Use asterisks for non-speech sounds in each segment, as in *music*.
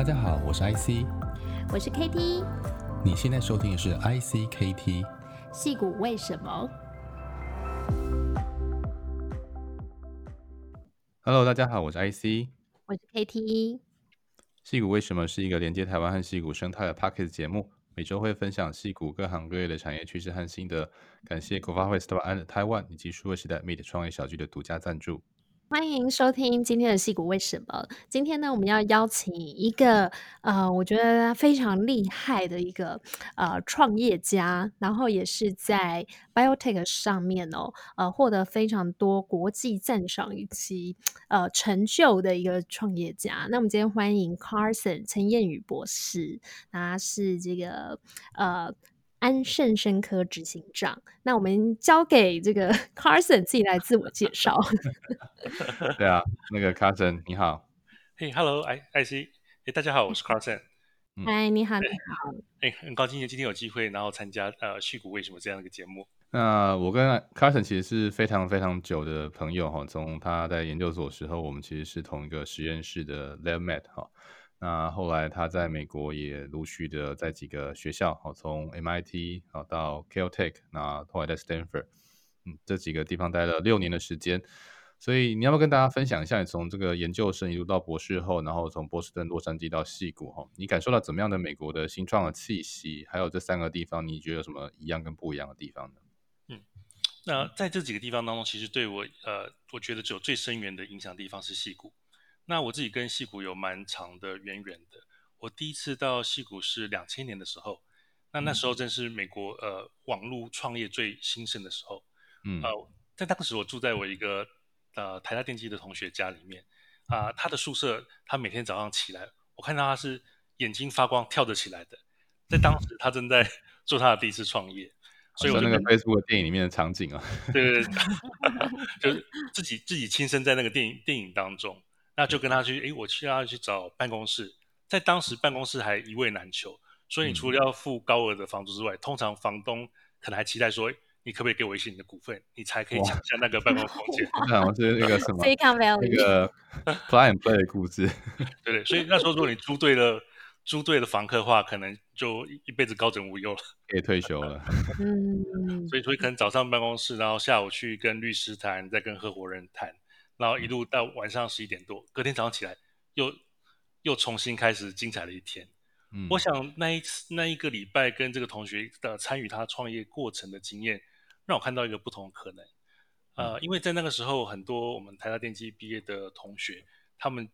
大家好，我是 IC，我是 KT，你現在收聽的是 ICKT 矽谷為什麼？Hello，大家好，我是 IC，我是 KT。矽谷為什麼是一個連接台灣和矽谷生態的 Podcast 節目，每周會分享矽谷各行各業的產業趨勢和心得。感謝國發會 Startup Island Taiwan 以及數位時代 Meet 創業小聚的獨家贊助。歡迎收聽今天的《矽谷為什麼》。今天呢，我們要邀請一個呃，我覺得非常厲害的一個呃創業家，然後也是在 Biotech 上面哦，呃，獲得非常多國際讚賞以及呃成就的一個創業家。那我們今天歡迎 Carson 陳彥宇博士，他是這個呃。安盛生科執行長，那我們交給這個 Carson 自己來自我介紹。 *laughs* *laughs* 對啊，那個 Carson 你好，嘿、hey，Hello，哎，IC，hey, 大家好，我是 Carson。嗨，你好，hey, 你好。哎，hey, 很高興今天有機會，然後參加呃，《矽谷為什麼》這樣一個節目。那我跟 Carson 其實是非常非常久的朋友哈，從他在研究所的時候，我們其實是同一個實驗室的 labmate 哈。Made, 那後來他在美國也陸續的在幾個學校，好，從 MIT 好，到 Caltech，那後來在 Stanford，嗯，這幾個地方待了六年的時間。所以你要不要跟大家分享一下，你從這個研究生一路到博士後，然後從波士頓、洛杉磯到矽谷，哈，你感受到怎麼樣的美國的新創的氣息？還有這三個地方，你覺得有什麼一樣跟不一樣的地方呢？嗯，那在這幾個地方當中，其實對我呃，我覺得只有最深遠的影響的地方是矽谷。那我自己跟矽谷有蠻長的淵源的。我第一次到矽谷是兩千年的時候，那那時候正是美國呃網絡創業最興盛的時候。嗯啊、呃，在當時我住在我一個呃台大電機的同學家裡面啊、呃，他的宿舍，他每天早上起來，我看到他是眼睛發光、跳着起來的。在當時，他正在做他的第一次創業， *laughs* 所以我那個 Facebook 電影裡面的場景啊，對對對，就是自己自己親身在那個電影電影當中。那就跟他去，哎，我去他去找辦公室，在當時辦公室還一位難求，所以你除了要付高額的房租之外，嗯、通常房東可能還期待說，你可不可以給我一些你的股份，你才可以搶下那個辦公空間？我這是那個什麼，那個 *laughs* Plug and Play 的股份， *laughs* 對對。所以那時候如果你租對了，租對了房客的話，可能就一輩子高枕無憂了，可以退休了。嗯 *laughs* *laughs* 所以所以可能早上辦公室，然後下午去跟律師談，再跟合夥人談。然後一路到晚上十一點多，嗯、隔天早上起來，又又重新開始精彩的一天。嗯、我想那一次那一個禮拜跟這個同學的參與他創業過程的經驗，讓我看到一個不同的可能。呃，因為在那個時候，很多我們台大電機畢業的同學，他們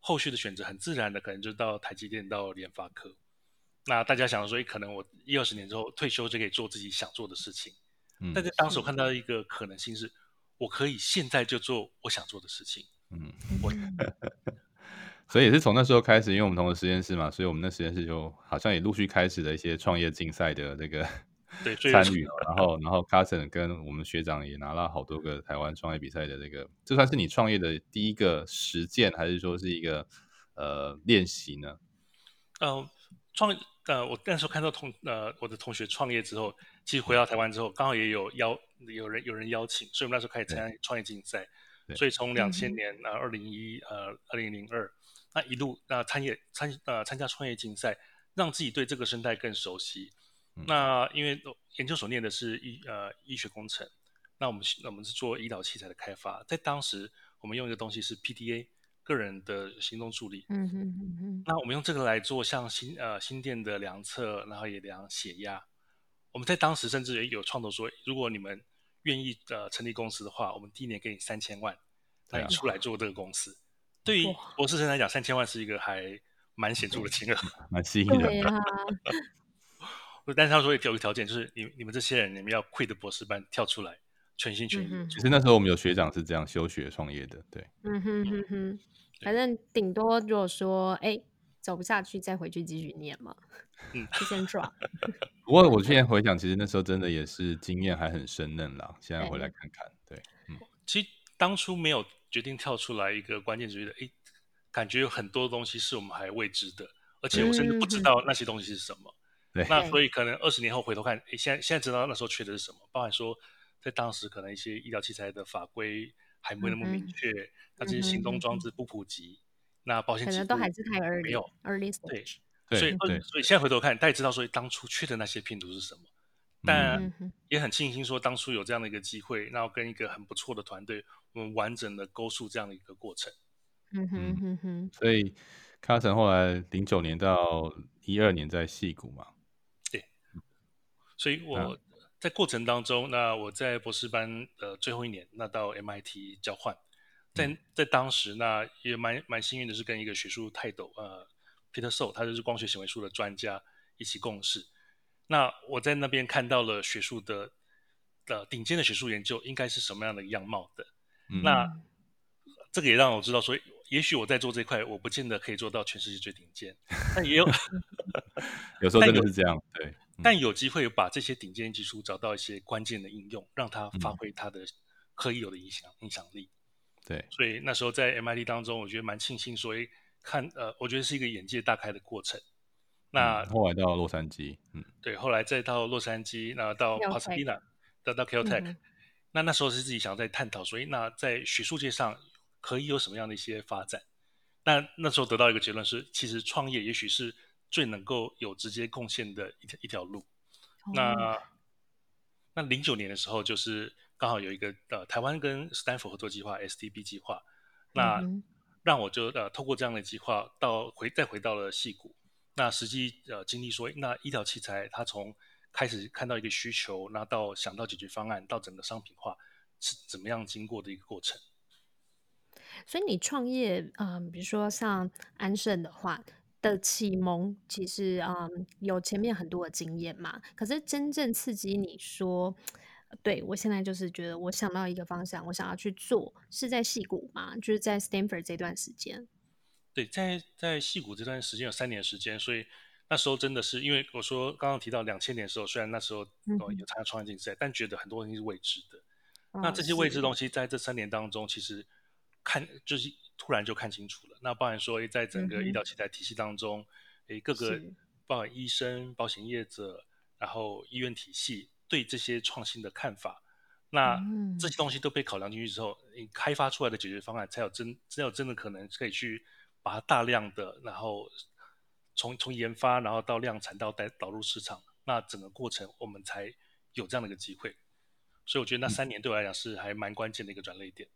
後續的選擇很自然的可能就到台積電、到聯發科。那大家想說誒，可能我一二十年之後退休就可以做自己想做的事情。嗯。但是當時我看到一個可能性是。嗯嗯我可以現在就做我想做的事情。嗯，我 *laughs* 所以也是從那時候開始，因為我們同個實驗室嘛，所以我們那實驗室就好像也陸續開始了一些創業競賽的這個參與。對，就是、然後，然後 Carson 跟我們學長也拿了好多個台灣創業比賽的這個，這算是你創業的第一個實踐，還是說是一個呃練習呢？嗯。創呃，我那時候看到同呃我的同學創業之後，其實回到台灣之後，剛好也有邀有人有人邀請，所以我們那時候開始參加創業競賽。對所以從兩千年呃二零一呃，二零零二那一路啊、呃，參業參呃參加創業競賽，讓自己對這個生態更熟悉。嗯、那因為研究所念的是醫呃醫學工程，那我們那我們是做醫療器材的開發，在當時我們用一個東西是 PDA。個人的行動助理。嗯哼嗯嗯。那我們用這個來做，像心呃心電的量測，然後也量血壓。我們在當時甚至也有創投說，如果你們願意呃成立公司的話，我們第一年給你三千萬，讓你出來做這個公司。對於、啊、博士生來講，三千萬是一個還蠻顯著的金額，蠻吸引人的。 *laughs* 啊、但是他說有個條件，就是你你們這些人，你們要 quit 博士班跳出來。全心全意。嗯、哼哼其實那時候我們有學長是這樣休學創業的，對。嗯哼哼哼，反正頂多如果說哎、欸、走不下去，再回去繼續念嘛。嗯，就先轉。不過我，我現在回想，其實那時候真的也是經驗還很深。嫩了。現在回來看看，對。對嗯、其實當初沒有決定跳出來一個關鍵主義的，哎、欸，感覺有很多東西是我們還未知的，而且我甚至不知道那些東西是什麼。對。那所以可能二十年後回頭看，哎、欸，現在現在知道那時候缺的是什麼，包含說。在當時，可能一些醫療器材的法規還沒那麼明確，那這些行動裝置不普及，嗯嗯嗯、那保險可能都還是太 early，沒有，early stage。early story. 對，對所以對所以現在回頭看，大家知道說當初去的那些拼圖是什麼，嗯、但也很慶幸說當初有這樣的一個機會，然後跟一個很不錯的團隊，我們完整的勾述這樣的一個過程。嗯哼哼哼，所以卡森後來零九年到一二年在矽谷嘛，對，所以我。啊在過程當中，那我在博士班呃，最後一年，那到 MIT 交換，在在當時，那也蠻蠻幸運的是跟一個學術泰斗呃 Peter So，他就是光學顯微術的專家一起共事。那我在那邊看到了學術的呃頂尖的學術研究應該是什麼樣的樣貌的。嗯、那這個也讓我知道說，也許我在做這塊，我不見得可以做到全世界最頂尖。 *laughs* 但也有 *laughs* 有時候真的是這樣，對。嗯、但有機會把這些頂尖技術找到一些關鍵的應用，讓它發揮它的可以有的影響影響力。對，所以那時候在 MIT 當中，我覺得蠻慶幸說，說、哎、看，呃，我覺得是一個眼界大開的過程。那、嗯、後來到洛杉磯，嗯，對，後來再到洛杉磯，那、呃、到 Pasadena 再到 Caltech，、mm hmm. 那那時候是自己想在探討，所以那在學術界上可以有什麼樣的一些發展？那那時候得到一個結論是，其實創業也許是。最能夠有直接貢獻的一一條路，嗯、那那零九年的時候，就是剛好有一個呃台灣跟斯坦福合作計劃 s t b 計劃），那、嗯、哼讓我就呃透過這樣的計劃到回再回到了細谷。那實際呃經歷說，那醫療器材它從開始看到一個需求，那到想到解決方案，到整個商品化是怎麼樣經過的一個過程？所以你創業，嗯、呃，比如說像安盛的話。的啟蒙其實嗯，有前面很多的經驗嘛，可是真正刺激你說，對我現在就是覺得我想到一個方向，我想要去做，是在矽谷嘛，就是在 Stanford 這段時間。對，在在矽谷這段時間有三年時間，所以那時候真的是因為我說剛剛提到兩千年的時候，雖然那時候、嗯、哼哦有參加創業競賽，但覺得很多東西是未知的。哦、那這些未知東西在這三年當中，是其實看就是。突然就看清楚了。那包含說誒，在整個醫療器材體系當中，誒、嗯嗯、各個包含醫生、是保險業者，然後醫院體系對這些創新的看法，那這些東西都被考量進去之後，你開發出來的解決方案才有真，才有真的可能可以去把它大量的，然後從從研發，然後到量產，到帶導入市場，那整個過程我們才有這樣的一個機會。所以我覺得那三年對我來講是還蠻關鍵的一個轉捩點、嗯。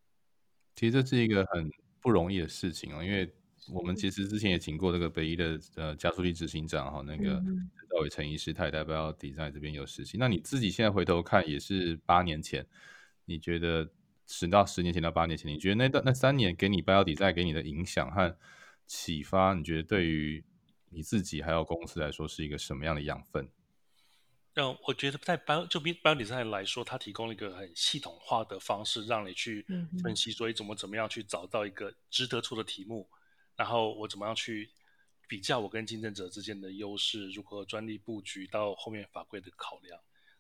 其實這是一個很。不容易的事情哦，因為我們其實之前也請過這個北醫的呃加速器執行長哈、哦，的那個趙偉成醫師他也在 Bio Design 在這邊有實習。那你自己現在回頭看也是八年前，你覺得十到十年前到八年前，你覺得那那三年給你 Bio Design 給你的影響和啟發，你覺得對於你自己還有公司來說是一個什麼樣的養分？讓、嗯、我覺得在 Bio 就比 Bio Design 來說，它提供了一個很系統化的方式，讓你去分析，所以怎麼怎麼樣去找到一個值得出的題目，然後我怎麼樣去比較我跟競爭者之間的優勢，如何專利布局到後面法規的考量。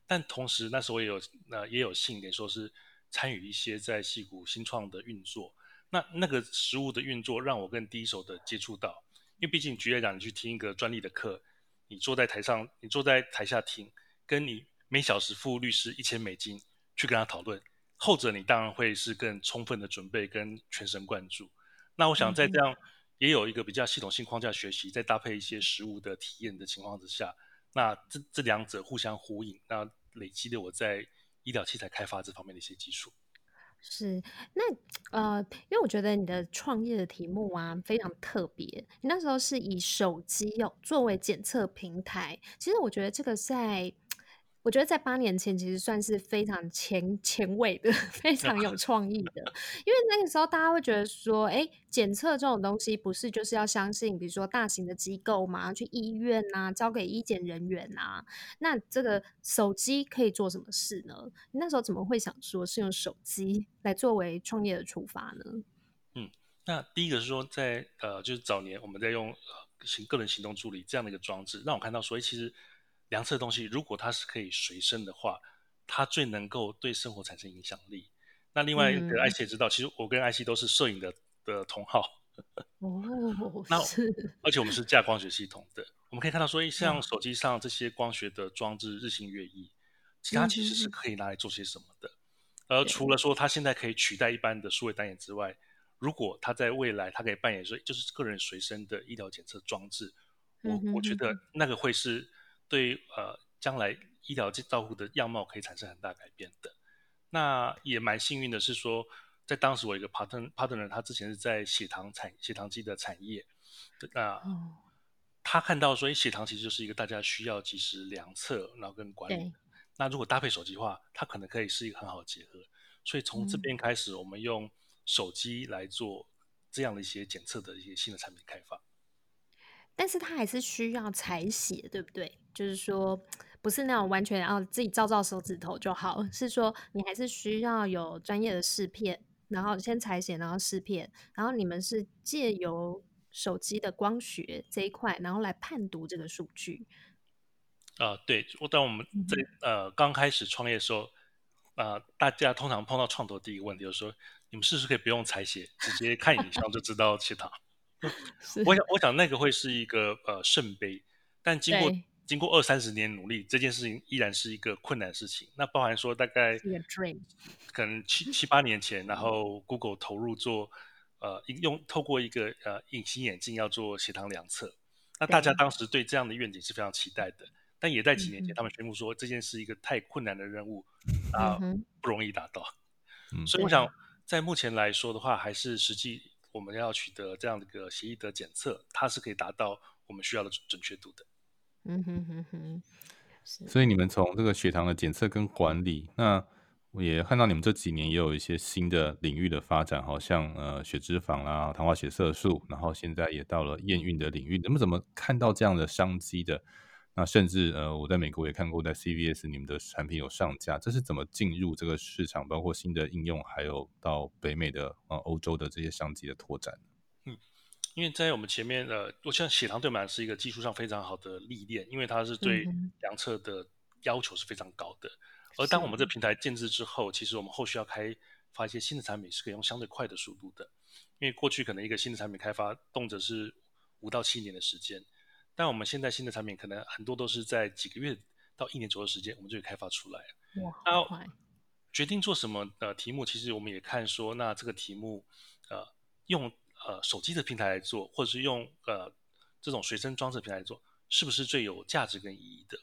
但同時那時候也有那、呃、也有幸，得說是參與一些在矽谷新創的運作。那那個實務的運作讓我更第一手的接觸到，因為畢竟局來講你去聽一個專利的課，你坐在台上，你坐在台下聽。跟你每小時付律師一千美金去跟他討論，後者你當然會是更充分的準備跟全神貫注。那我想在這樣也有一個比較系統性框架的學習，嗯、哼再搭配一些實物的體驗的情況之下，那這這兩者互相呼應，那累積了我在醫療器材開發這方面的一些技術。是那呃，因為我覺得你的創業的題目啊非常特別，你那時候是以手機有、哦、作為檢測平台，其實我覺得這個在。我覺得在八年前其實算是非常前前衛的，非常有創意的。 *laughs* 因為那個時候大家會覺得說，哎、欸，檢測這種東西不是就是要相信，比如說大型的機構嘛，去醫院啊，交給醫檢人員啊。那這個手機可以做什麼事呢？你那時候怎麼會想說是用手機來作為創業的出發呢？嗯，那第一個是說在，在呃，就是早年我們在用、呃、行個人行動助理這樣的一個裝置，讓我看到說，哎，其實。量測東西，如果它是可以隨身的話，它最能夠對生活產生影響力。那另外一個，IC 也知道，嗯、其實我跟 IC 都是攝影的的同好。哦， *laughs* 那是而且我們是架光學系統的，我們可以看到說，像手機上這些光學的裝置日新月異，嗯、其他其實是可以拿來做些什麼的。嗯、而除了說它現在可以取代一般的數位單眼之外，如果它在未來，它可以扮演說就是個人隨身的醫療檢測裝置，我我覺得那個會是。對，呃，將來醫療及照護的樣貌可以產生很大改變的。那也蠻幸運的是說，在當時我一個 partner partner，他之前是在血糖產血糖機的產業，那他看到說，血糖其實就是一個大家需要及時量測，然後跟管理。對那如果搭配手機的話，它可能可以是一個很好的結合。所以從這邊開始，嗯、我們用手機來做這樣的一些檢測的一些新的產品開發。但是它還是需要採血，對不對？就是說，不是那種完全啊自己照照手指頭就好，是說你還是需要有專業的試片，然後先採血，然後試片，然後你們是借由手機的光學這一塊，然後來判讀這個數據。啊、呃，對，我當我們這呃剛開始創業的時候，啊、嗯哼呃，大家通常碰到創投的第一個問題就是說，你們是不是可以不用採血，直接看影像就知道其他。 *laughs* *laughs* 我想，我想那個會是一個呃聖杯，但經過對經過二三十年努力，這件事情依然是一個困難事情。那包含說大概可能七 *laughs* 七八年前，然後 Google 投入做呃用透過一個呃隱形眼鏡要做血糖量測，對那大家當時對這樣的願景是非常期待的。但也在幾年前，他們宣布說這件事一個太困難的任務啊、 *laughs* 呃，不容易達到。 *laughs* 所以我想，在目前來說的話，還是實際。我們要取得這樣的一個血液的檢測，它是可以達到我們需要的準確度的。嗯哼哼哼，是。所以你們從這個血糖的檢測跟管理，那我也看到你們這幾年也有一些新的領域的發展，好像呃血脂肪啦、糖化血色素，然後現在也到了驗孕的領域，你們怎麼看到這樣的商機的？那甚至呃，我在美國也看過，在 CVS 你們的產品有上架，這是怎麼進入這個市場？包括新的應用，還有到北美的啊、呃、歐洲的這些商機的拓展。嗯，因為在我們前面呃，我相信血糖對碼是一個技術上非常好的歷練，因為它是對量測的要求是非常高的。嗯、哼而當我們這個平台建置之後，的其實我們後續要開發一些新的產品，是可以用相對快的速度的。因為過去可能一個新的產品開發，動輒是五到七年的時間。但我們現在新的產品可能很多都是在幾個月到一年左右的時間，我們就會開發出來。哇，然後決定做什麼的題目，其實我們也看說，那這個題目，呃，用呃手機的平台來做，或者是用呃這種隨身裝置的平台來做，是不是最有價值跟意義的？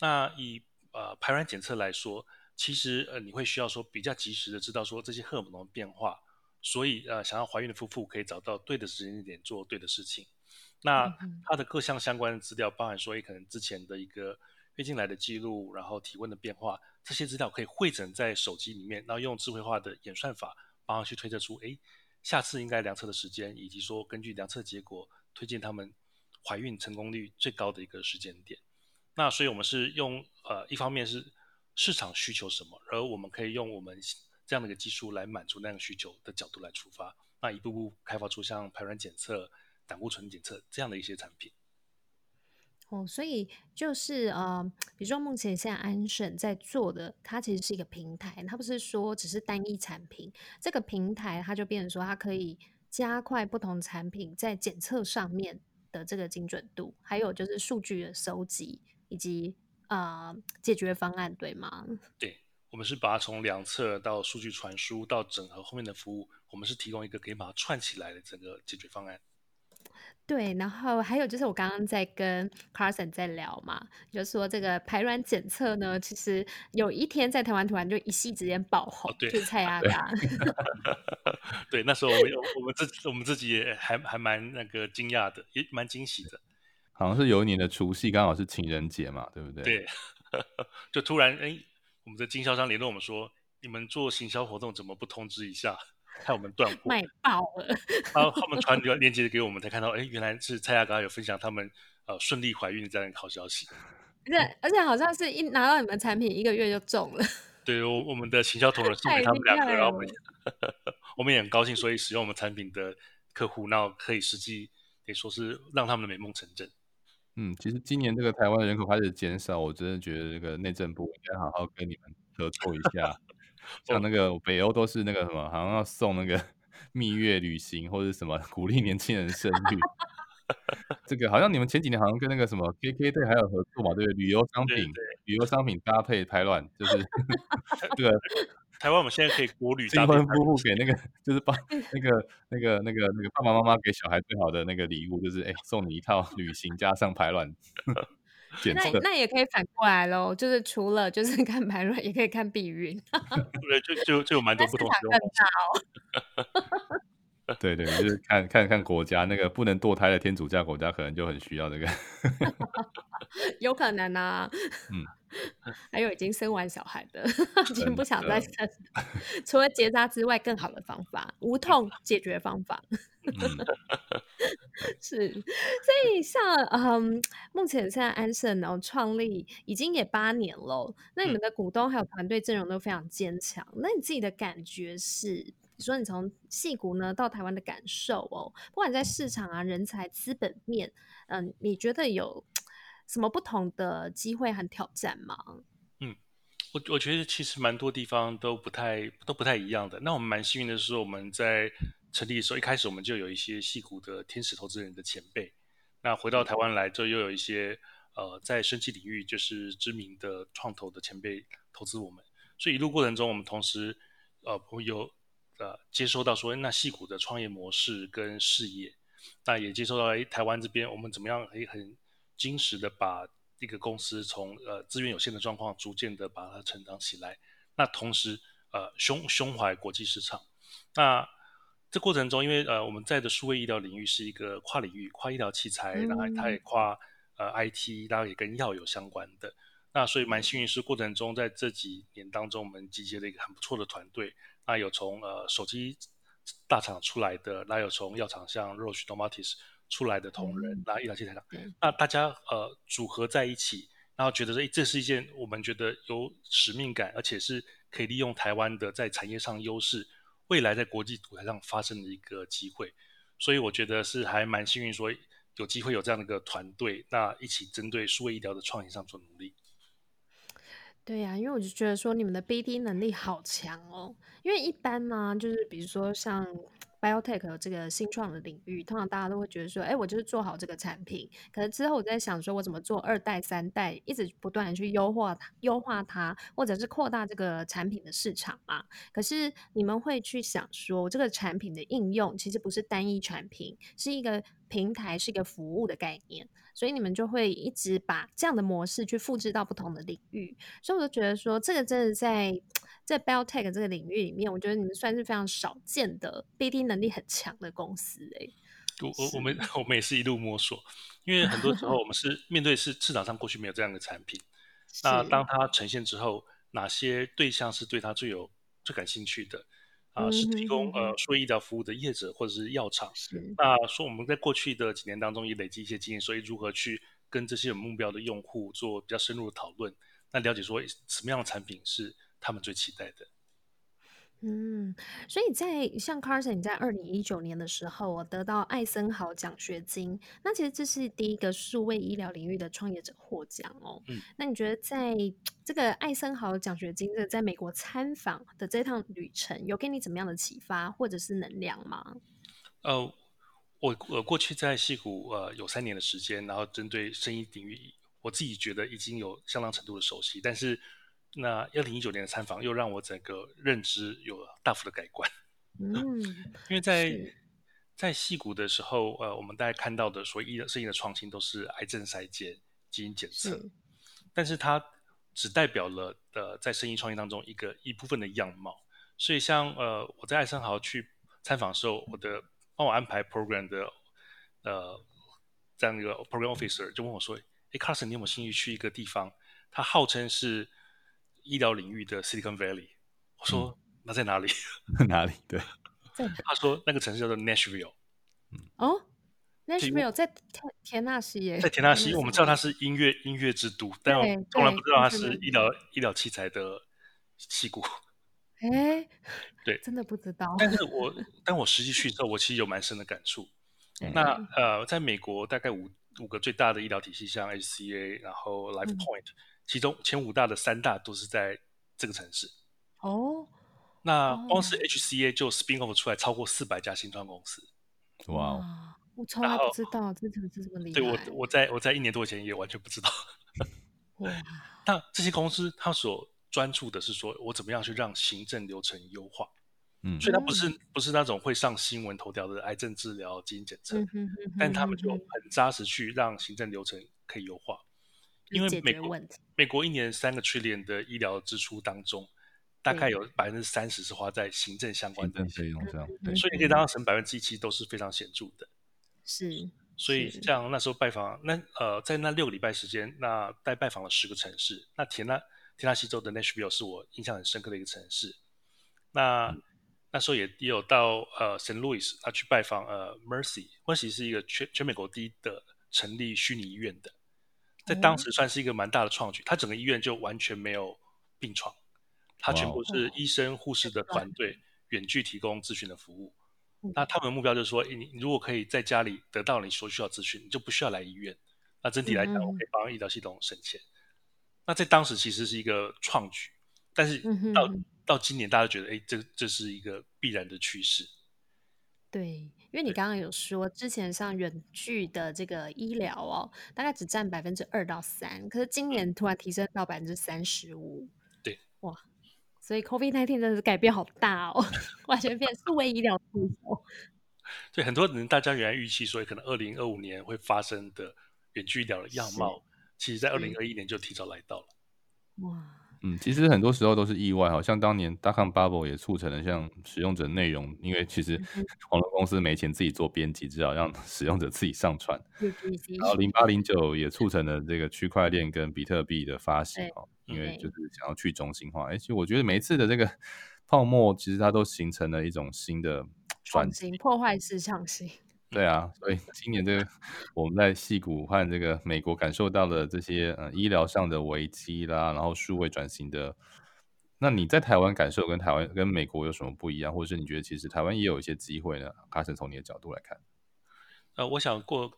那以呃排卵檢測來說，其實呃你會需要說比較及時的知道說這些荷爾蒙的變化，所以呃想要懷孕的夫婦可以找到對的時間點做對的事情。那它的各項相關的資料，包含說，哎，可能之前的一個月經來的記錄，然後體溫的變化，這些資料可以匯整在手機裡面，然後用智慧化的演算法，幫忙去推測出，哎，下次應該量測的時間，以及說根據量測結果，推薦他們懷孕成功率最高的一個時間點。那所以我們是用，呃，一方面是市場需求什麼，而我們可以用我們這樣的一個技術來滿足那樣需求的角度來出發，那一步步開發出像排卵檢測膽固醇檢測這樣的一些產品，哦，所以就是啊、呃，比如說目前現在安盛在做的，它其實是一個平台，它不是說只是單一產品。這個平台它就變成說，它可以加快不同產品在檢測上面的這個精準度，還有就是數據的收集以及啊、呃、解決方案，對嗎？對，我們是把它從量測到數據傳輸到整合後面的服務，我們是提供一個可以把它串起來的整個解決方案。對，然後還有就是我剛剛在跟 Carson 在聊嘛，就是說這個排卵檢測呢，其實有一天在台灣突然就一夕之間爆紅，哦、對就蔡阿嘎。啊、對， *laughs* 對，那時候我們 *laughs* 我們自己我們自己也還還蠻那個驚訝的，也蠻驚喜的。好像是有一年的除夕剛好是情人節嘛，對不對？對， *laughs* 就突然哎，我們的經銷商聯絡我們說，你們做行銷活動怎麼不通知一下？看我們斷貨賣爆了， *laughs* 然後他們傳連鏈接給我們，才看到，哎，原來是蔡阿嘎有分享他們呃順利懷孕的這樣一個好消息。而且而且好像是一拿到你們產品一個月就中了。 *laughs* 對，我我們的行銷同仁送給他們兩個，然後我們， *laughs* 我們也很高興，所以使用我們產品的客戶，那可以實際可以說是讓他們的美夢成真。嗯，其實今年這個台灣人口開始減少，我真的覺得這個內政部應該好好跟你們合作一下。 *laughs* 像那個北歐都是那個什麼，好像要送那個蜜月旅行或者是什麼，鼓勵年輕人生育。 *laughs* 這個好像你們前幾年好像跟那個什麼 KK 隊還有合作嘛，對，旅遊商品、對對對旅遊商品搭配排卵，就是對。 *laughs* 這個，台灣我們現在可以國旅新婚夫婦給那個，就是幫，那個那個那個那個爸爸媽媽給小孩最好的那個禮物，就是哎、欸、送你一套旅行加上排卵。 *laughs* 那那也可以反過來嘍，就是除了就是看排卵，也可以看避孕。 *laughs* *laughs* 對，就就就有蠻多不同的。哈哈哈哈哈。 *laughs* *laughs* 對對，就是看看看國家那個不能墮胎的天主教國家，可能就很需要這個 *laughs* 。 *laughs* 有可能啊。嗯。還有已經生完小孩的，已經不想再生，嗯、除了結紮之外，更好的方法， *laughs* 無痛解決方法。嗯、 *laughs* 是，所以像嗯，目前現在安盛然後創立已經也八年了，那你們的股東還有團隊陣容都非常堅強，嗯、那你自己的感覺是？以你，你從矽谷呢到台灣的感受哦，不管在市場啊、人才、資本面，嗯，你覺得有什麼不同的機會和挑戰嗎？嗯，我我覺得其實蠻多地方都不太都不太一樣的。那我們蠻幸運的是，我們在成立的時候一開始我們就有一些矽谷的天使投資人的前輩，那回到台灣來這又有一些呃在生醫領域就是知名的創投的前輩投資我們，所以一路過程中我們同時呃有。呃，接收到說，那矽谷的創業模式跟事業，那也接受到誒、哎，台灣這邊我們怎麼樣可以很精實的把一個公司從呃資源有限的狀況，逐漸的把它成長起來。那同時，呃，胸胸懷國際市場。那這過程中，因為呃我們在的數位醫療領域是一個跨領域，跨醫療器材，嗯、然後它也跨呃 IT，然後也跟藥有相關的。那所以蠻幸運是過程中，在這幾年當中，我們集結了一個很不錯的團隊。那有從呃手機大廠出來的，那有從藥廠像 Roche、Novartis 出來的同仁，那、嗯、醫療器材廠，嗯、那大家呃組合在一起，然後覺得說，哎，這是一件我們覺得有使命感，而且是可以利用台灣的在產業上優勢，未來在國際舞台上發生的一個機會，所以我覺得是還蠻幸運，說有機會有這樣的一個團隊，那一起針對數位醫療的創意上做努力。對呀，因為我就覺得說你們的 BD 能力好強哦。因為一般呢，就是比如說像 Biotech 這個新創的領域，通常大家都會覺得說，哎，我就是做好這個產品，可是之後我在想說，我怎麼做二代、三代，一直不斷的去優化它優化它，或者是擴大這個產品的市場嘛。可是你們會去想說，我這個產品的應用其實不是單一產品，是一個。平台是一個服務的概念，所以你們就會一直把這樣的模式去複製到不同的領域。所以我就覺得說，這個真的在在 BioTech 這個領域裡面，我覺得你們算是非常少見的 BD 能力很強的公司欸。哎，我我們我們也是一路摸索，因為很多時候我們是面對是市場上過去沒有這樣的產品， *laughs* 那當它呈現之後，哪些對象是對他最有最感興趣的？啊、呃，是提供呃數位醫療服務的業者或者是藥廠，是的那說，我們在過去的幾年當中也累積一些經驗，所以如何去跟這些有目標的用戶做比較深入的討論，那了解說什麼樣的產品是他們最期待的。嗯，所以在像 Carson，你在二零一九年的時候，哦，我得到艾森豪獎學金，那其實這是第一個數位醫療領域的創業者獲獎哦。嗯，那你覺得在這個艾森豪獎學金這個在美國參訪的這趟旅程，有給你怎麼樣的啟發或者是能量嗎？呃，我我過去在矽谷呃有三年的時間，然後針對生醫領域，我自己覺得已經有相當程度的熟悉，但是。那二零一九年的參訪又讓我整個認知有了大幅的改觀。嗯， *laughs* 因為在是在矽谷的時候，呃，我們大家看到的所有的生意的創新都是癌症篩檢、基因檢測，是但是它只代表了呃在生意創業當中一個一部分的樣貌。所以像呃我在艾森豪去參訪的時候，我的幫我安排 program 的呃這樣一個 program officer 就問我說：“哎，Carson，你有沒有興趣去一個地方？他號稱是。”醫療領域的 Silicon Valley，我說那在哪裡？哪裡？對，在他說那個城市叫做 Nashville。哦，Nashville 在田田納西耶。在田納西，我們知道它是音樂音樂之都，但我從來不知道它是醫療醫療器材的硅谷。哎，對，真的不知道。但是我但我實際去之後，我其實有蠻深的感觸。那呃，在美國大概五五個最大的醫療體系，像 HCA，然後 LifePoint。其中前五大的三大都是在這個城市。哦，oh? oh. 那光是 HCA 就 spin-off 出來超過四百家新創公司。哇，Wow. Wow. 我從來不知道，真的後是這麼厲害。對我，我在我在一年多前也完全不知道。哇 *laughs* ，Wow. 那這些公司它所專注的是說，我怎麼樣去讓行政流程優化？嗯，mm. 雖然不是不是那種會上新聞頭條的癌症治療基因檢測， *laughs* 但他們就很扎實去讓行政流程可以優化。因為美國美國一年三個 trillion 的醫療支出當中，大概有百分之三十是花在行政相關的費用上。對，對，對，對，所以你可以看到省百分之一七都是非常顯著的。是，是，所以這樣那時候拜訪那呃，在那六個禮拜時間，那待、呃、拜訪了十個城市。那田納田納西州的 Nashville 是我印象很深刻的一個城市。那、嗯、那時候也也有到呃 St. Louis，他、啊、去拜訪呃 Mercy，Mercy Mercy 是一個全全美國第一的成立虛擬醫院的。在當時算是一個蠻大的創舉，他整個醫院就完全沒有病床，他全部是醫生護士的團隊遠距提供諮詢的服務。嗯、那他們的目標就是說、欸，你如果可以在家裡得到你所需要資訊，你就不需要來醫院。那整體來講，我可以幫醫療系統省錢。嗯、那在當時其實是一個創舉，但是到、嗯、哼到今年大家都覺得，哎、欸，這這是一個必然的趨勢。對。因為你剛剛有說，之前像遠距的這個醫療哦，大概只占百分之二到三，可是今年突然提升到百分之三十五。對，哇，所以 COVID-19 真的是改變好大哦，完全變了數位醫療巨頭。 *laughs* 對，很多人大家原來預期說，可能二零二五年會發生的遠距醫療的樣貌，是其實在二零二一年就提早來到了。嗯、哇。嗯，其實很多時候都是意外，好像當年 Dotcom Bubble 也促成了像使用者內容，因為其實網絡公司沒錢自己做編輯，只好讓使用者自己上傳。 *laughs* 然後零八零九也促成了這個區塊鏈跟比特幣的發行，對因為就是想要去中心化。誒對，欸、其實我覺得每一次的這個泡沫，其實它都形成了一種新的轉型，破壞式創新。對啊，所以今年這個我們在矽谷和這個美國感受到了這些嗯、呃、醫療上的危機啦，然後數位轉型的，那你在台灣感受跟台灣跟美國有什麼不一樣，或者是你覺得其實台灣也有一些機會呢？卡森從你的角度來看，呃，我想過，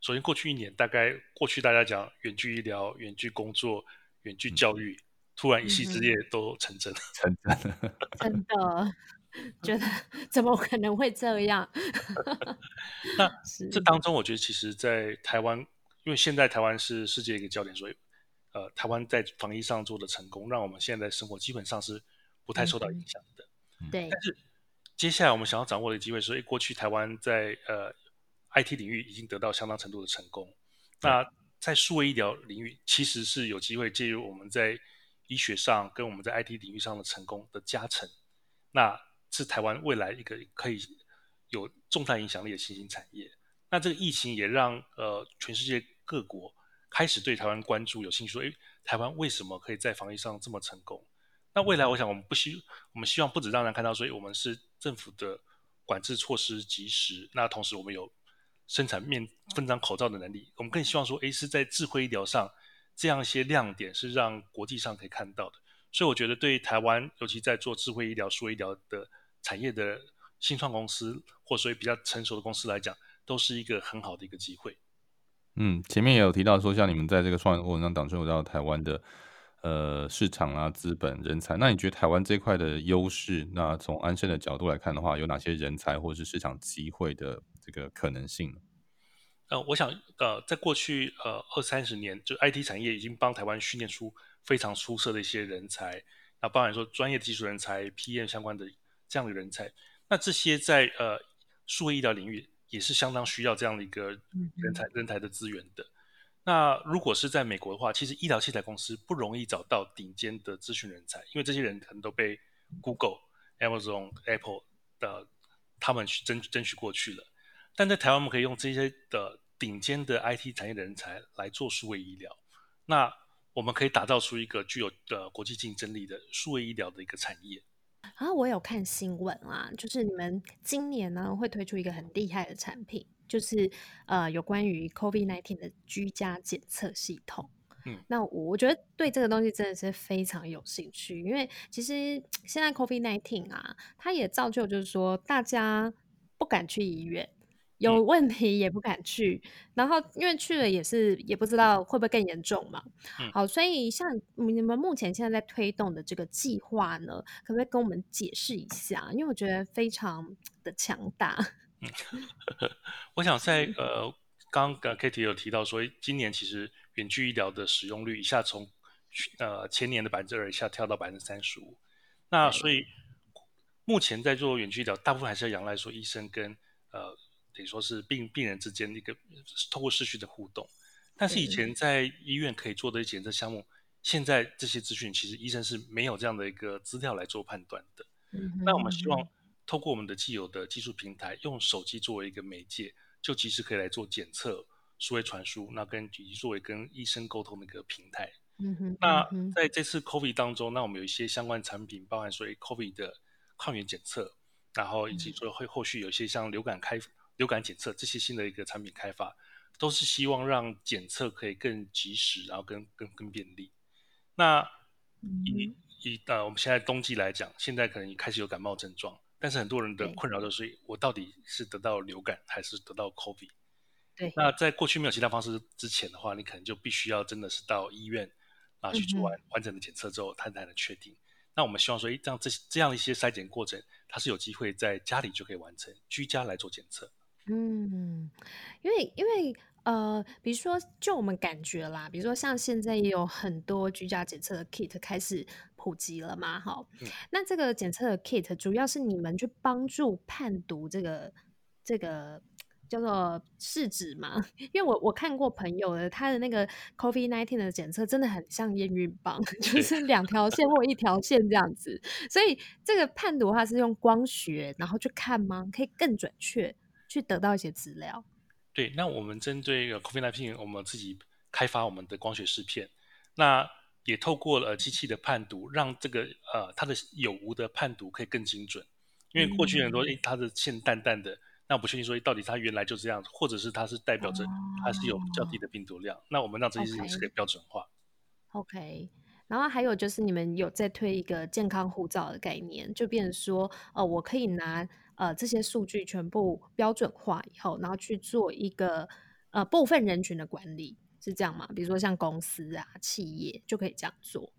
首先過去一年大概過去大家講遠距醫療、遠距工作、遠距教育，嗯、突然一夕之間都成真，成真了，真的。 *laughs* 真的 *laughs* 覺得怎麼可能會這樣？ *laughs* *laughs* 那這當中，我覺得其實，在台灣，因為現在台灣是世界一個焦點，所以，呃，台灣在防疫上做的成功，讓我們現在，在生活基本上是不太受到影響的。對。但是，接下來我們想要掌握的機會是，過去台灣在呃 IT 領域已經得到相當程度的成功，那在數位醫療領域，其實是有機會藉由我們在醫學上跟我們在 IT 領域上的成功的加成，那。是台灣未來一個可以有重大影響力的新興產業。那這個疫情也讓呃全世界各國開始對台灣關注，有興趣說，誒、欸，台灣為什麼可以在防疫上這麼成功？那未來我想我們不希我們希望不止讓人看到說，我們是政府的管制措施及時，那同時我們有生產面分裝口罩的能力。我們更希望說，誒、欸，是在智慧醫療上這樣一些亮點是讓國際上可以看到的。所以我覺得對台灣，尤其在做智慧醫療、數位醫療的。產業的新創公司，或所以比較成熟的公司來講，都是一個很好的一個機會。嗯，前面也有提到說，像你們在這個創業過程當中有到台灣的呃市場啊、資本、人才，那你覺得台灣這塊的優勢？那從安盛的角度來看的話，有哪些人才或是市場機會的這個可能性呢？呃，我想呃，在過去呃二三十年，就 IT 產業已經幫台灣訓練出非常出色的一些人才。那包含說專業技術人才、PM 相關的。這樣的人才，那這些在呃，數位醫療領域也是相當需要這樣的一個人才人才的資源的。那如果是在美國的話，其實醫療器材公司不容易找到頂尖的資訊人才，因為這些人很多被 Google、Amazon、Apple 的他們去爭爭取過去了。但在台灣，我們可以用這些的頂尖的 IT 產業的人才來做數位醫療，那我們可以打造出一個具有呃國際競爭力的數位醫療的一個產業。然後、啊、我有看新聞啊，就是你們今年呢、啊、會推出一個很厲害的產品，就是呃有關於 COVID-19 的居家檢測系統。嗯，那我我覺得對這個東西真的是非常有興趣，因為其實現在 COVID-19 啊，它也造就就是說大家不敢去醫院。有問題也不敢去，嗯、然後，因為去了也是也不知道會不會更嚴重嘛。嗯、好，所以像你們目前現在在推動的這個計劃呢，可不可以跟我們解釋一下？因為我覺得非常的強大。嗯、我想在是呃，剛剛 KT 有提到說，今年其實遠距醫療的使用率一下從呃前年的百分之二以下跳到百分之三十五。對那所以目前在做遠距醫療，大部分還是要仰賴說醫生跟呃。等於說是病病人之間一個透過視訊的互動，但是以前在醫院可以做的檢測項目，嗯、現在這些資訊其實醫生是沒有這樣的一個資料來做判斷的。嗯哼，那我們希望透過我們的既有的技術平台，嗯、哼用手機作為一個媒介，就其實可以來做檢測、數位傳輸，那跟以及作為跟醫生溝通的一個平台。嗯哼，嗯哼，那在這次 COVID 當中，那我們有一些相關產品，包含所謂 COVID 的抗原檢測，然後以及說會後續有一些像流感開、嗯流感檢測，這些新的一個產品開發，都是希望讓檢測可以更及時，然後更更更便利。那、mm hmm. 以以呃我們現在冬季來講，現在可能開始有感冒症狀，但是很多人的困擾就是、mm hmm. 我到底是得到流感還是得到 COVID？對、mm。Hmm. 那在過去沒有其他方式之前的話，你可能就必須要真的是到醫院啊去做完完整的檢測之後，他才能確定。那我們希望說，哎，這樣這這樣一些篩檢過程，它是有機會在家裡就可以完成，居家來做檢測。嗯，因為因為呃，比如說，就我們感覺啦，比如說像現在也有很多居家檢測的 kit 開始普及了嘛，哈，嗯、那這個檢測的 kit 主要是你們去幫助判讀這個這個叫做試紙嘛？因為我我看過朋友的他的那個 COVID nineteen 的檢測真的很像驗孕棒，就是兩條線或一條線這樣子， *laughs* 所以這個判讀的話是用光學然後去看嗎？可以更準確？去得到一些資料，對。那我們針對 COVID-19，我們自己開發我們的光學試片，那也透過了機器的判讀，讓這個呃它的有無的判讀可以更精準。因為過去很多，哎、嗯，它的線淡淡的，那我不確定說到底它原來就這樣，或者是它是代表着它是有較低的病毒量。哦、那我們讓這些事情是可以標準化。OK, okay。然後還有就是你們有在推一個健康護照的概念，就變成說，哦、呃，我可以拿。呃，這些數據全部標準化以後，然後去做一個呃部分人群的管理，是這樣嗎？比如說像公司啊、企業就可以這樣做。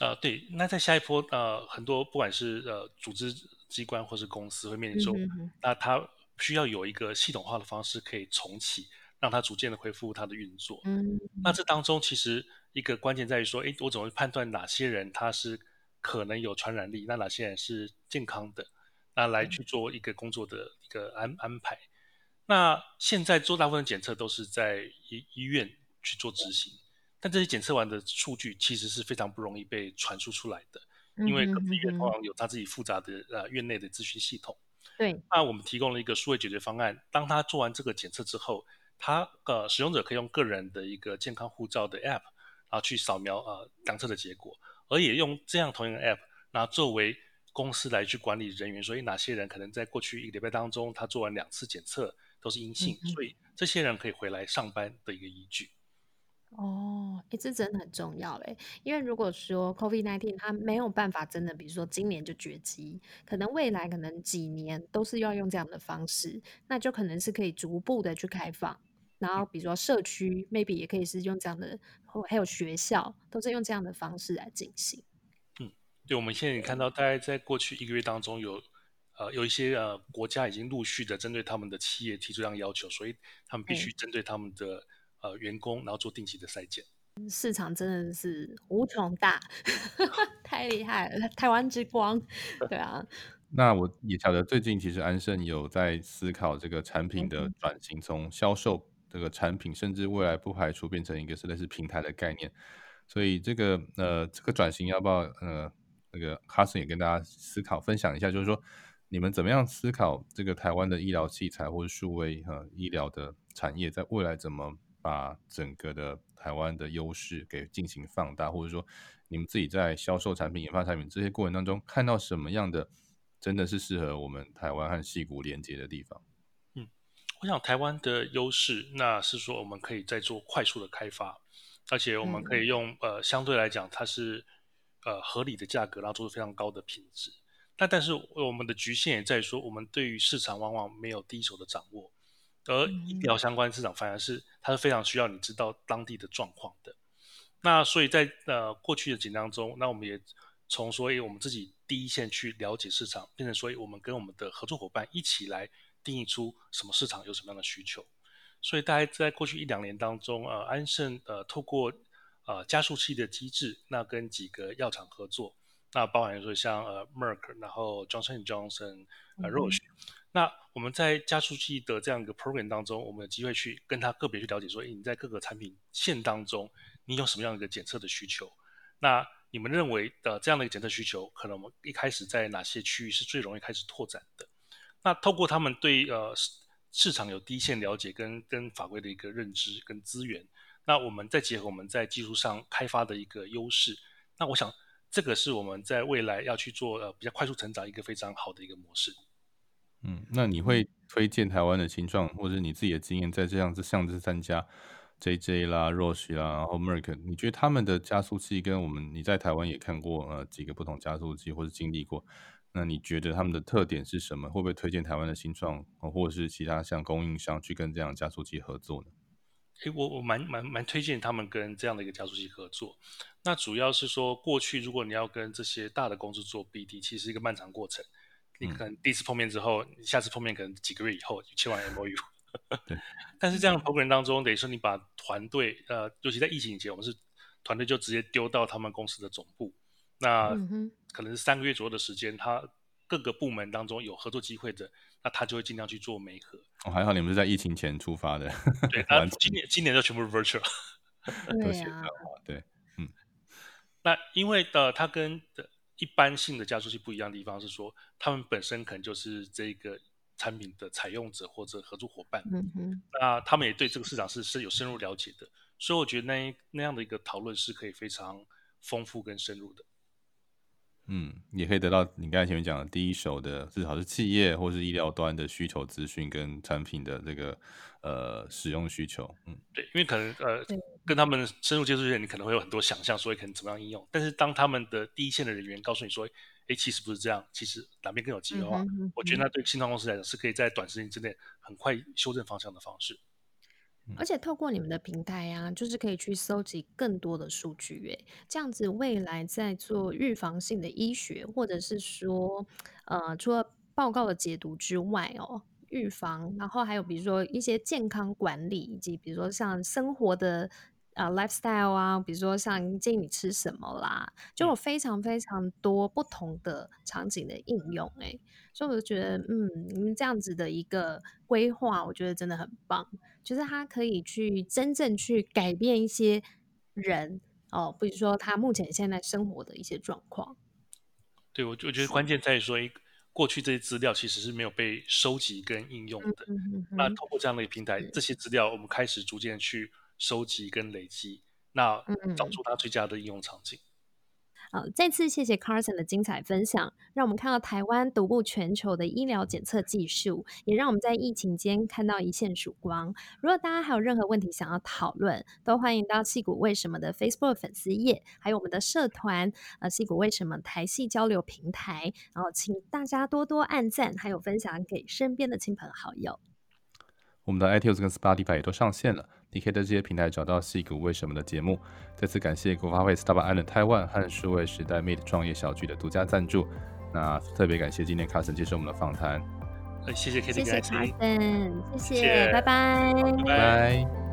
呃，對。那在下一波呃，很多不管是呃組織機關或是公司會面臨說，嗯、那他需要有一個系統化的方式可以重啟，讓它逐漸的恢復它的運作。嗯。那這當中其實一個關鍵在於說，哎，我怎麼判斷哪些人他是可能有傳染力，那哪些人是健康的？那來去做一個工作的一個安安排。那現在做大部分的檢測都是在醫醫院去做執行，但這些檢測完的數據其實是非常不容易被傳輸出來的，嗯嗯嗯因為各醫院通常有他自己複雜的呃院內的資訊系統。對。那我們提供了一個數位解決方案，當他做完這個檢測之後，他呃使用者可以用個人的一個健康護照的 App，然後去掃描呃檢測的結果，而也用這樣同一個 App，那作為公司來去管理人員。所以哪些人可能在過去一個禮拜當中，他做完兩次檢測都是陰性，嗯哼。所以這些人可以回來上班的一個依據。哦，哎，這真的很重要哎，因為如果說 COVID-19 它沒有辦法真的，比如說今年就絕跡，可能未來可能幾年都是要用這樣的方式，那就可能是可以逐步的去開放，然後比如說社區、嗯、maybe 也可以是用這樣的，或還有學校都是用這樣的方式來進行。對，我們現在也看到，大概在過去一個月當中有，有、哎、呃有一些呃國家已經陸續的針對他們的企業提出這樣要求，所以他們必須針對他們的、哎、呃員工，然後做定期的篩檢。市場真的是無窮大， *laughs* 太厲害了，台灣之光， *laughs* 對啊。那我也曉得，最近其實安盛有在思考這個產品的轉型，嗯嗯從銷售這個產品，甚至未來不排除變成一個是類似平台的概念。所以這個呃這個轉型要不要呃？那個卡森也跟大家思考分享一下，就是說你們怎麼樣思考這個台灣的醫療器材或者數位和、呃、醫療的產業，在未來怎麼把整個的台灣的優勢給進行放大，或者說你們自己在銷售產品、研發產品這些過程當中，看到什麼樣的真的是適合我們台灣和矽谷連接的地方？嗯，我想台灣的優勢，那是說我們可以再做快速的開發，而且我們可以用、嗯、呃相對來講它是。呃，合理的價格，然後做出非常高的品質。那但是我們的局限也在於說，我們對於市場往往沒有第一手的掌握，而醫療相關市場反而是它是非常需要你知道當地的狀況的。那所以在呃過去的幾年當中，那我們也從所以我們自己第一線去了解市場，變成所以、欸、我們跟我們的合作夥伴一起來定義出什麼市場有什麼樣的需求。所以大概在過去一兩年當中，呃安盛呃透過。呃，加速器的機制，那跟幾個藥廠合作，那包含說像呃 Merck 然後 Johnson Johnson，呃 Roche、嗯、哼那我們在加速器的這樣一個 program 當中，我們有機會去跟他個別去了解，說，誒，你在各個產品線當中，你有什麼樣的一個檢測的需求？那你們認為的、呃、這樣的一個檢測需求，可能我們一開始在哪些區域是最容易開始拓展的？那透過他們對呃市市場有第一線了解跟，跟跟法規的一個認知跟資源。那我們再結合我們在技術上開發的一個優勢，那我想這個是我們在未來要去做呃比較快速成長一個非常好的一個模式。嗯，那你會推薦台灣的新創，或者你自己的經驗，在這樣子像這三家 JJ 啦、Roche 啦，然後 Merck，你覺得他們的加速器跟我們，你在台灣也看過呃幾個不同加速器，或者經歷過，那你覺得他們的特點是什麼？會不會推薦台灣的新創、呃，或者是其他像供應商去跟這樣加速器合作呢？哎、欸，我我蠻蠻蠻推薦他們跟這樣的一個加速器合作。那主要是說，過去如果你要跟這些大的公司做 BD，其實是一個漫長過程。你可能第一次碰面之後，你、嗯、下次碰面可能幾個月以後就簽完 MOU。 *laughs* 對但是這樣的 program 當中，等於說你把團隊，呃，尤其在疫情以前，我們是團隊就直接丟到他們公司的總部。那，嗯哼。可能是三個月左右的時間，他。各個部門當中有合作機會的，那他就會盡量去做媒合。哦，還好你們是在疫情前出發的。對，那全今年今年就全部是 virtual。對啊。對，嗯。那因為呃，它跟的、呃、一般性的加速器不一樣的地方是說，他們本身可能就是這個產品的採用者或者合作夥伴。嗯嗯哼。那他們也對這個市場是是有深入了解的，所以我覺得那那樣的一個討論是可以非常豐富跟深入的。嗯，也可以得到你剛才前面講的第一手的，至少是企業或是醫療端的需求資訊跟產品的這個呃使用需求。嗯，對，因為可能呃對跟他們深入接觸之前，你可能會有很多想象，所以可能怎麼樣應用。但是當他們的第一線的人員告訴你說，哎，其實不是這樣，其實哪邊更有機會的話，嗯哼嗯哼嗯，我覺得那對新創公司來講，是可以在短時間之內很快修正方向的方式。而且透過你們的平台啊，就是可以去蒐集更多的數據誒，這樣子未來在做預防性的醫學，或者是說，呃，除了報告的解讀之外哦，預防，然後還有比如說一些健康管理，以及比如說像生活的啊，呃，lifestyle 啊，比如說像建議你吃什麼啦，就有非常非常多不同的場景的應用誒，所以我就覺得，嗯，你們這樣子的一個規劃，我覺得真的很棒。就是他可以去真正去改變一些人哦，比如說他目前現在生活的一些狀況。對，我我覺得關鍵在於說，過去這些資料其實是沒有被收集跟應用的。嗯嗯嗯、那通過這樣的平台，嗯、這些資料我們開始逐漸去收集跟累積，那找出它最佳的應用場景。嗯嗯呃、哦，再次謝謝 Carson 的精彩分享，讓我們看到台灣獨步全球的醫療檢測技術，也讓我們在疫情間看到一線曙光。如果大家還有任何問題想要討論，都歡迎到矽谷為什麼的 Facebook 粉絲頁，還有我們的社團呃矽谷為什麼台矽交流平台。然後請大家多多按讚，還有分享給身邊的親朋好友。我們的 iTunes 跟 Spotify 也都上線了。你可以在這些平台找到《矽谷為什麼》的節目。再次感謝國發會 Startup Island Taiwan 和數位時代 Meet 創業小聚的獨家贊助。那特別感謝今天卡森接受我們的訪談。哎，謝謝, K K, 謝謝卡森，謝謝，拜拜，拜拜。